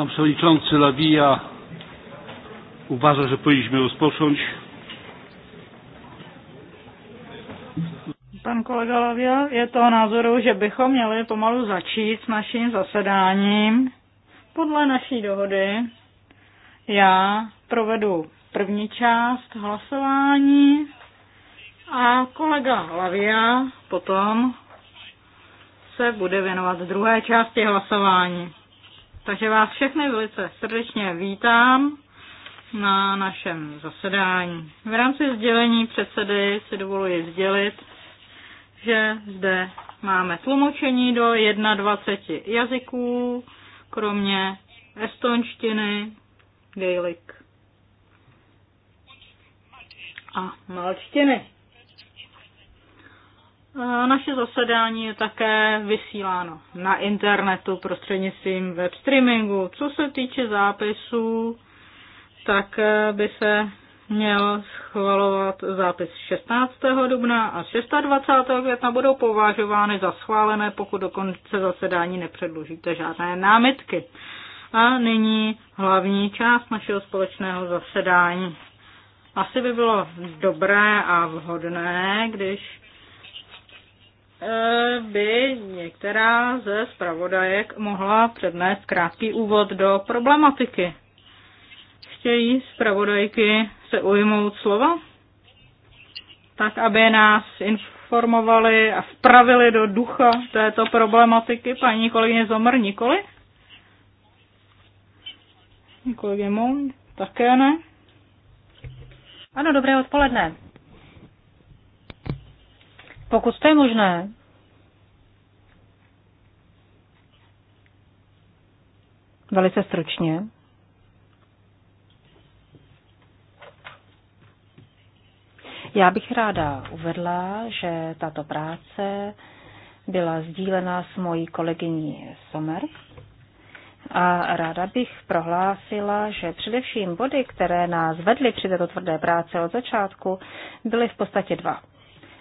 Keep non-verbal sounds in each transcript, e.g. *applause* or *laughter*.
Pan przewodniczący Lawija uważa, że powinniśmy rozpocząć. Pan kolega Lavia je toho názoru, že bychom měli pomalu začít s naším zasedáním. Podle naší dohody já provedu první část hlasování a kolega Lavia potom se bude věnovat druhé části hlasování. Takže vás všechny velice srdečně vítám na našem zasedání. V rámci sdělení předsedy si dovoluji sdělit, že zde máme tlumočení do 21 jazyků, kromě estonštiny, gaelic a malčtiny. Naše zasedání je také vysíláno na internetu prostřednictvím web streamingu. Co se týče zápisů, tak eh, by se měl schvalovat zápis 16. dubna a 26. května budou považovány za schválené, pokud do konce zasedání nepředložíte žádné námitky. A nyní hlavní část našeho společného zasedání. Asi by bylo dobré a vhodné, když by některá ze zpravodajek mohla přednést krátký úvod do problematiky. Chtějí zpravodajky se ujmout slova? Tak, aby nás informovali a vpravili do ducha této problematiky, paní kolegyně Zomr nikoli? Kolegyně Mond také ne? Ano, dobré odpoledne. Pokud to je možné, velice stručně. Já bych ráda uvedla, že tato práce byla sdílena s mojí kolegyní Somer a ráda bych prohlásila, že především body, které nás vedly při této tvrdé práce od začátku, byly v podstatě dva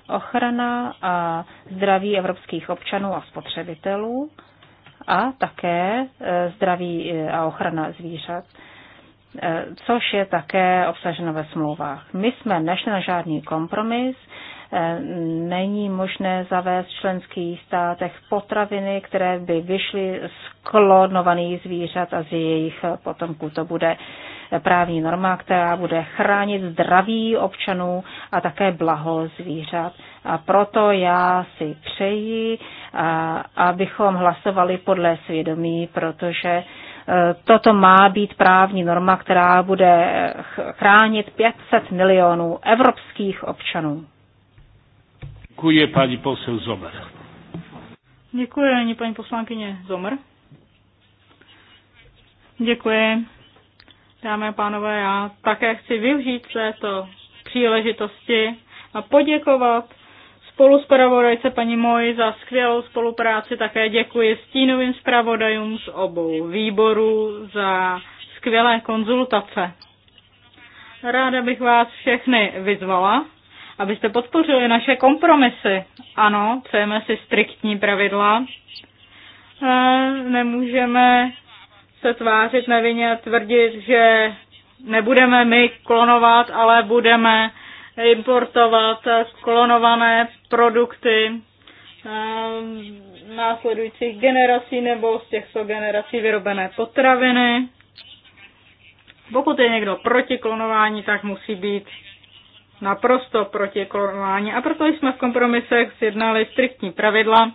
ochrana a zdraví evropských občanů a spotřebitelů a také e, zdraví e, a ochrana zvířat, e, což je také obsaženo ve smlouvách. My jsme nešli na žádný kompromis, není možné zavést v členských státech potraviny, které by vyšly z klonovaných zvířat a z jejich potomků. To bude právní norma, která bude chránit zdraví občanů a také blaho zvířat. A proto já si přeji, abychom hlasovali podle svědomí, protože e, toto má být právní norma, která bude chránit 500 milionů evropských občanů. Děkuji, paní posel Zomer. Děkuji, paní poslankyně Zomer. Děkuji. Dámy a pánové, já také chci využít této příležitosti a poděkovat spolu zpravodajce paní Moji za skvělou spolupráci. Také děkuji stínovým zpravodajům z obou výborů za skvělé konzultace. Ráda bych vás všechny vyzvala, abyste podpořili naše kompromisy. Ano, přejeme si striktní pravidla. E, nemůžeme se tvářit nevinně tvrdit, že nebudeme my klonovat, ale budeme importovat klonované produkty ehm, následujících generací nebo z těchto generací vyrobené potraviny. Pokud je někdo proti klonování, tak musí být naprosto proti klonování. A proto jsme v kompromisech sjednali striktní pravidla,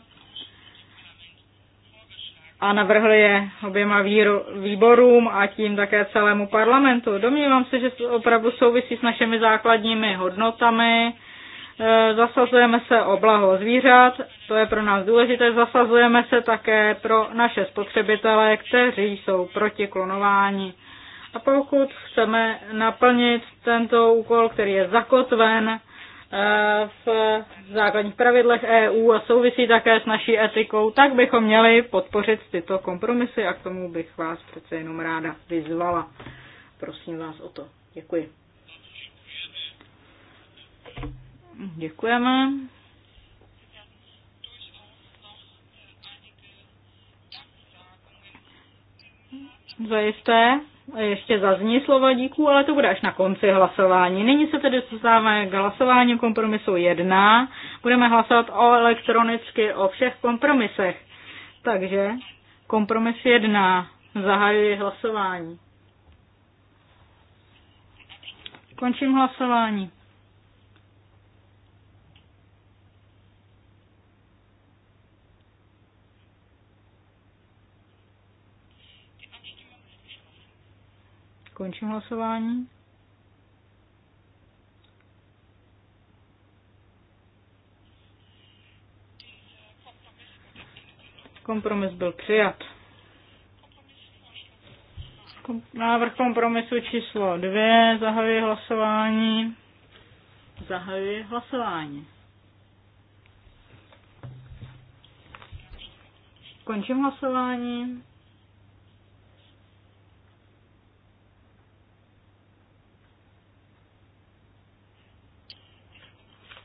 a navrhl je oběma víru, výborům a tím také celému parlamentu. Domnívám se, že opravdu souvisí s našimi základními hodnotami. E, zasazujeme se o blaho zvířat, to je pro nás důležité. Zasazujeme se také pro naše spotřebitele, kteří jsou proti klonování. A pokud chceme naplnit tento úkol, který je zakotven Eh, v základních pravidlech EU a souvisí také s naší etikou, tak bychom měli podpořit tyto kompromisy a k tomu bych vás přece jenom ráda vyzvala. Prosím vás o to. Děkuji. Děkujeme. Zajisté ještě zazní slova díků, ale to bude až na konci hlasování. Nyní se tedy dostáváme k hlasování kompromisu 1. Budeme hlasovat o elektronicky o všech kompromisech. Takže kompromis 1. Zahajuji hlasování. Končím hlasování. Končím hlasování. Kompromis byl přijat. Návrh kompromisu číslo dvě. Zahajuji hlasování. Zahajuji hlasování. Končím hlasování.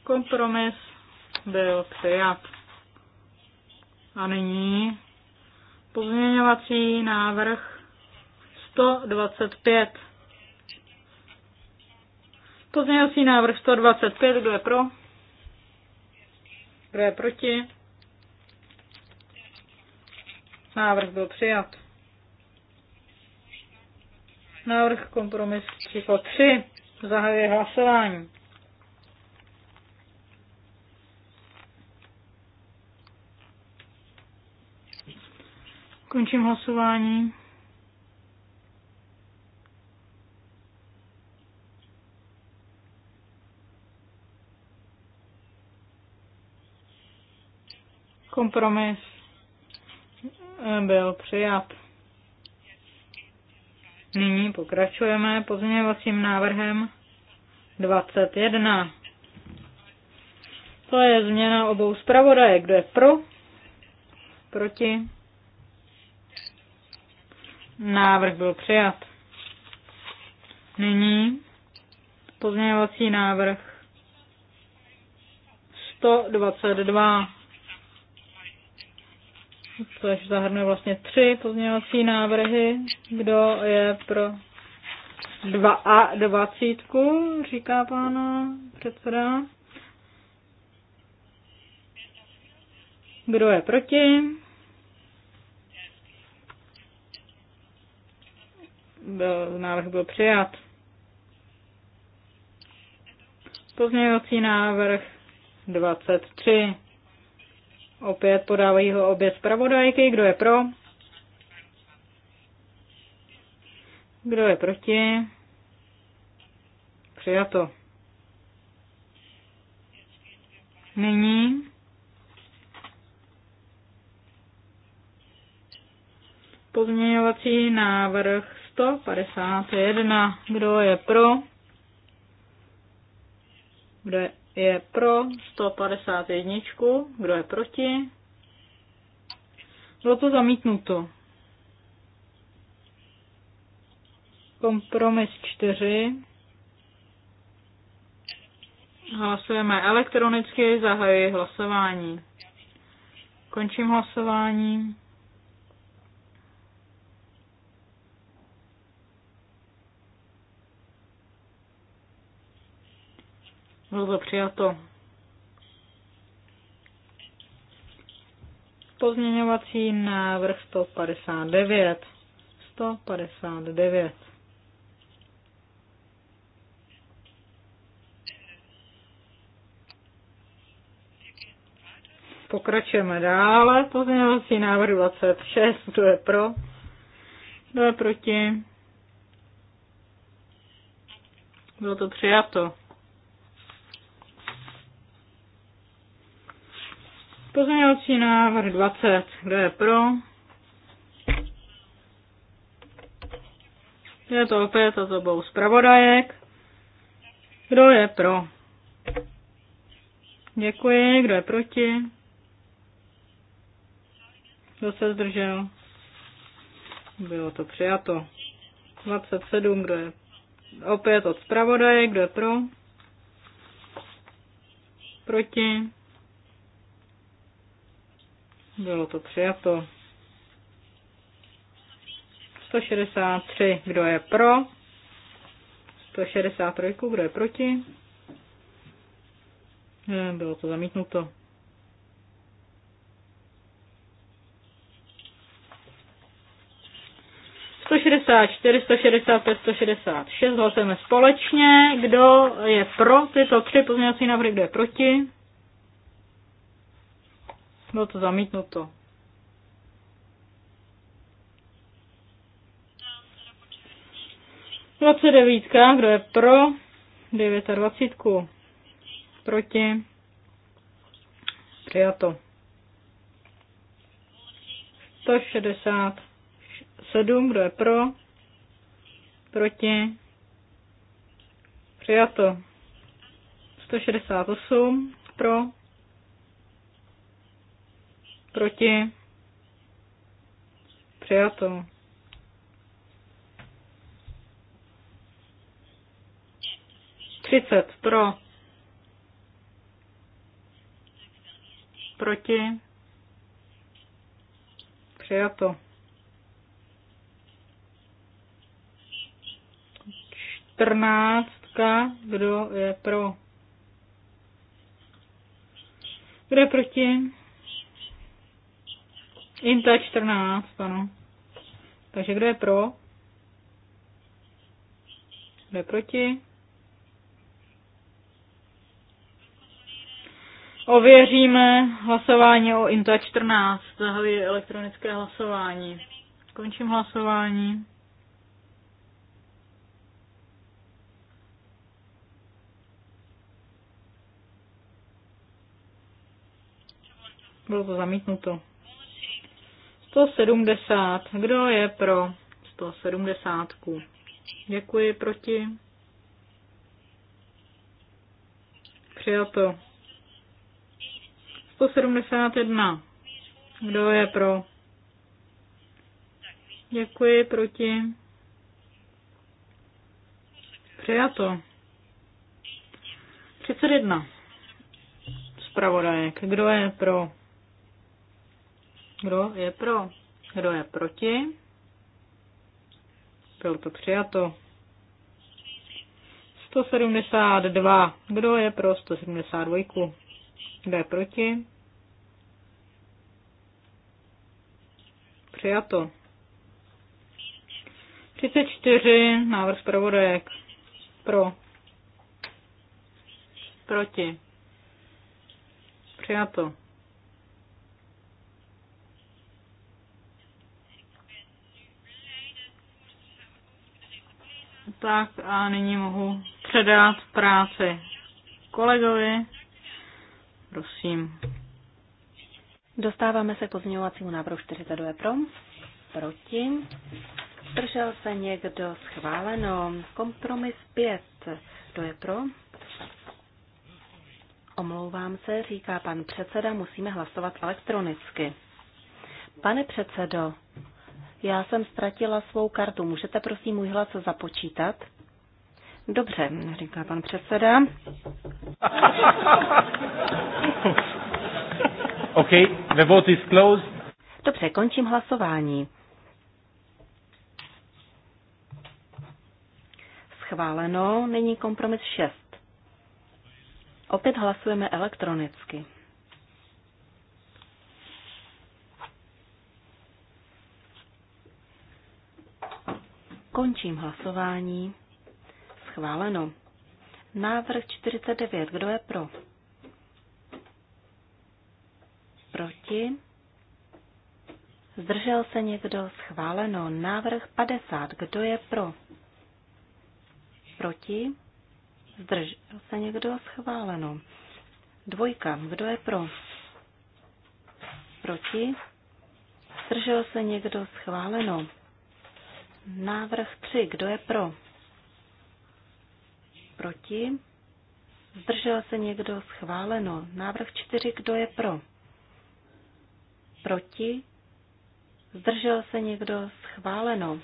Kompromis byl přijat. A nyní pozměňovací návrh 125. Pozměňovací návrh 125, kdo je pro? Kdo je proti? Návrh byl přijat. Návrh kompromis číslo 3. Zahajuje hlasování. Končím hlasování. Kompromis eh, byl přijat. Nyní pokračujeme pozměňovacím návrhem 21. To je změna obou zpravodajek. Kdo je pro? Proti? Návrh byl přijat. Nyní pozměňovací návrh 122, což zahrnuje vlastně tři pozměňovací návrhy. Kdo je pro 2 a 20, říká pan předseda. Kdo je proti? byl, návrh byl přijat. Pozměňovací návrh 23. Opět podávají ho obě zpravodajky. Kdo je pro? Kdo je proti? Přijato. Nyní pozměňovací návrh 151. Kdo je pro? Kdo je pro 151? Kdo je proti? Bylo to zamítnuto. Kompromis 4. Hlasujeme elektronicky, zahajuji hlasování. Končím hlasování. Bylo to přijato. Pozměňovací návrh 159. 159. Pokračujeme dále. Pozměňovací návrh 26. Kdo je pro? Kdo je proti? Bylo to přijato. Pozměňovací návrh 20. Kdo je pro? Je to opět a zobou zpravodajek. Kdo je pro? Děkuji. Kdo je proti? Kdo se zdržel? Bylo to přijato. 27. Kdo je opět od zpravodajek? Kdo je pro? Proti? Bylo to přijato. 163, kdo je pro? 163, kdo je proti? Bylo to zamítnuto. Sto šedesát čtyři, sto šedesát pět, sto šedesát šest. Hlasujeme společně. Kdo je pro tyto tři pozměňovací návrhy, kdo je proti? Bylo to zamítnuto. Dvacet devítka, kdo je pro? dvacítku? Proti? Přijato. 167, kdo je pro? Proti? Přijato. 168 pro, Proti? Přijato. Třicet pro. Proti? Přijato. Čtrnáctka. Kdo je pro? Kdo je proti? Inta 14, ano. Takže kdo je pro? Kdo je proti? Ověříme hlasování o INTA 14. Zahajuji elektronické hlasování. Končím hlasování. Bylo to zamítnuto. 170. Kdo je pro 170? Děkuji proti. Přijato. 171. Kdo je pro? Děkuji proti. Přijato. 31. Zpravodajek. Kdo je pro? Kdo je pro? Kdo je proti? Bylo to přijato. 172. Kdo je pro 172? Kdo je proti? Přijato. 34. Návrh zpravodajek. Pro. Proti. Přijato. Tak a nyní mohu předat práci kolegovi. Prosím. Dostáváme se k pozměňovacímu návrhu 42 pro, proti. Zdržel se někdo schváleno. Kompromis 5. Kdo je pro? Omlouvám se, říká pan předseda, musíme hlasovat elektronicky. Pane předsedo, já jsem ztratila svou kartu. Můžete prosím můj hlas započítat? Dobře, říká pan předseda. *laughs* OK, the vote is closed. Dobře, končím hlasování. Schváleno, není kompromis 6. Opět hlasujeme elektronicky. Končím hlasování. Schváleno. Návrh 49. Kdo je pro? Proti? Zdržel se někdo? Schváleno. Návrh 50. Kdo je pro? Proti? Zdržel se někdo? Schváleno. Dvojka. Kdo je pro? Proti? Zdržel se někdo? Schváleno. Návrh 3. Kdo je pro? Proti? Zdržel se někdo? Schváleno. Návrh 4. Kdo je pro? Proti? Zdržel se někdo? Schváleno.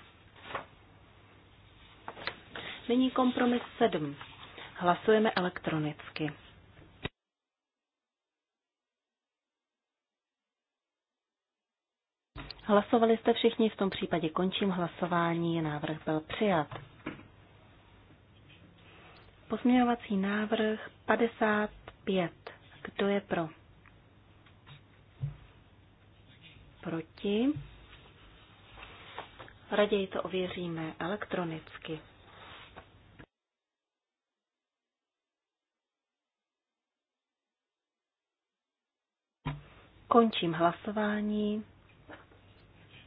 Nyní kompromis 7. Hlasujeme elektronicky. Hlasovali jste všichni, v tom případě končím hlasování, návrh byl přijat. Pozměňovací návrh 55. Kdo je pro? Proti? Raději to ověříme elektronicky. Končím hlasování.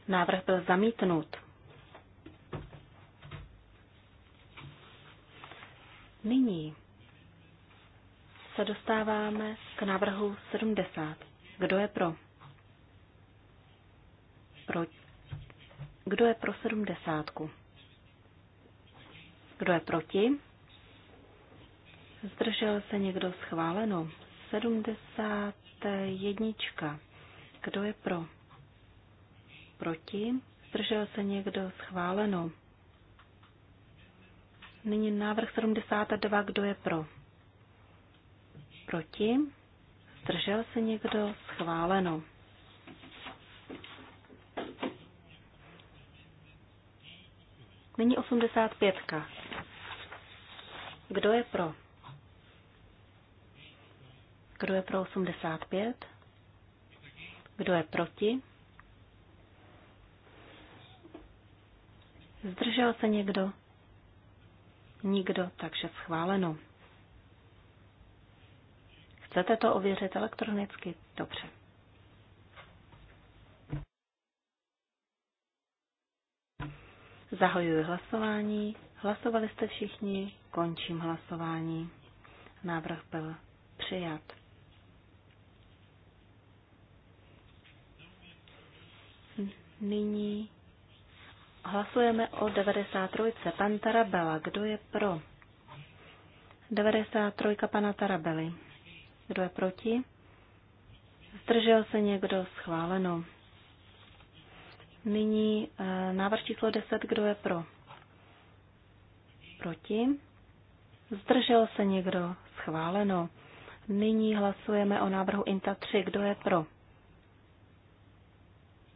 Návrh byl zamítnut. Nyní se dostáváme k návrhu 70. Kdo je pro? pro? Kdo je pro 70? Kdo je proti? Zdržel se někdo schváleno? 71. Kdo je pro? Proti? Zdržel se někdo? Schváleno. Nyní návrh 72. Kdo je pro? Proti? Zdržel se někdo? Schváleno. Nyní 85. Kdo je pro? Kdo je pro 85? Kdo je proti? Zdržel se někdo? Nikdo, takže schváleno. Chcete to ověřit elektronicky? Dobře. Zahajuji hlasování. Hlasovali jste všichni, končím hlasování. Návrh byl přijat. Nyní Hlasujeme o 93. Pan Tarabela, kdo je pro? 93. Pana Tarabely. Kdo je proti? Zdržel se někdo? Schváleno. Nyní eh, návrh číslo 10. Kdo je pro? Proti? Zdržel se někdo? Schváleno. Nyní hlasujeme o návrhu INTA 3. Kdo je pro?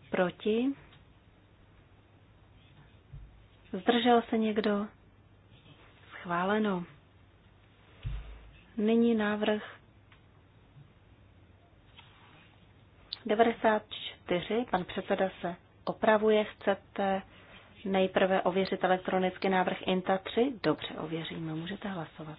Proti? Zdržel se někdo? Schváleno. Nyní návrh 94. Pan předseda se opravuje. Chcete nejprve ověřit elektronicky návrh INTA 3? Dobře, ověříme. Můžete hlasovat.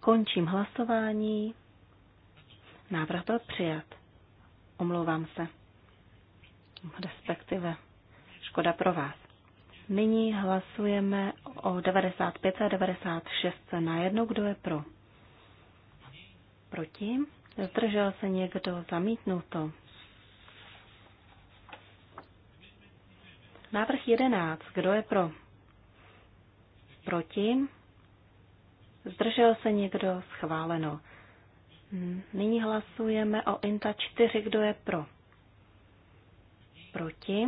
Končím hlasování. Návrh byl přijat. Omlouvám se. Respektive škoda pro vás. Nyní hlasujeme o 95 a 96 na jedno, kdo je pro. Proti? Zdržel se někdo zamítnuto? Návrh 11. Kdo je pro? Proti? Zdržel se někdo? Schváleno. Hmm, nyní hlasujeme o INTA 4. Kdo je pro? Proti?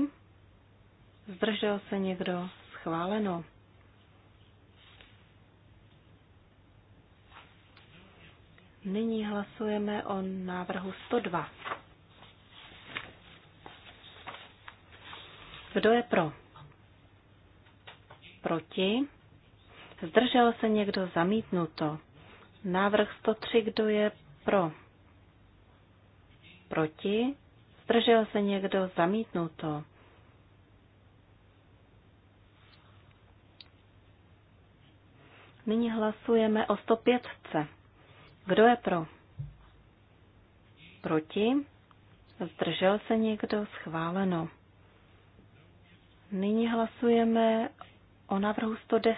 Zdržel se někdo? Schváleno. Nyní hlasujeme o návrhu 102. Kdo je pro? Proti? Zdržel se někdo zamítnuto? Návrh 103, kdo je pro, proti, zdržel se někdo, zamítnuto. Nyní hlasujeme o 105. Kdo je pro? Proti? Zdržel se někdo? Schváleno. Nyní hlasujeme o návrhu 110.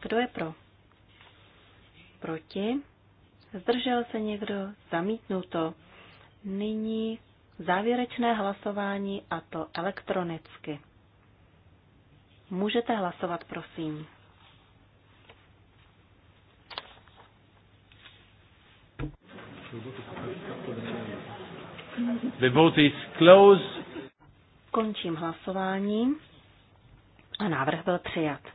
Kdo je pro? Proti? Zdržel se někdo? Zamítnuto. Nyní závěrečné hlasování a to elektronicky. Můžete hlasovat, prosím. The vote is closed. Končím hlasování a návrh byl přijat.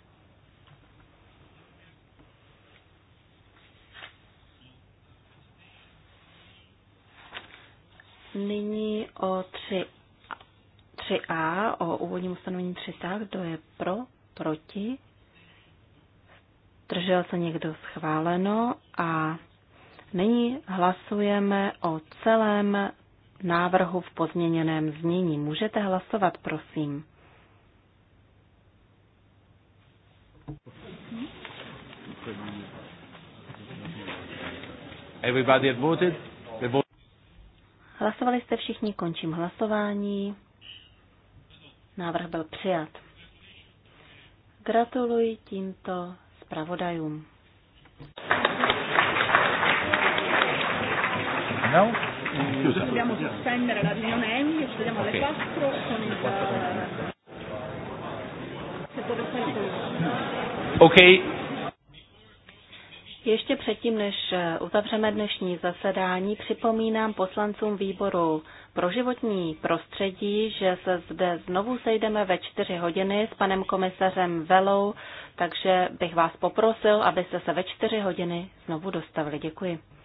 Nyní o 3, 3a, o úvodním ustanovení 3a, kdo je pro, proti, držel se někdo schváleno a nyní hlasujeme o celém návrhu v pozměněném znění. Můžete hlasovat, prosím. Everybody had voted? Hlasovali jste všichni, končím hlasování. Návrh byl přijat. Gratuluji tímto zpravodajům. No? Dobbiamo ještě předtím, než eh, uzavřeme dnešní zasedání, připomínám poslancům výboru pro životní prostředí, že se zde znovu sejdeme ve čtyři hodiny s panem komisařem Velou, takže bych vás poprosil, abyste se ve čtyři hodiny znovu dostavili. Děkuji.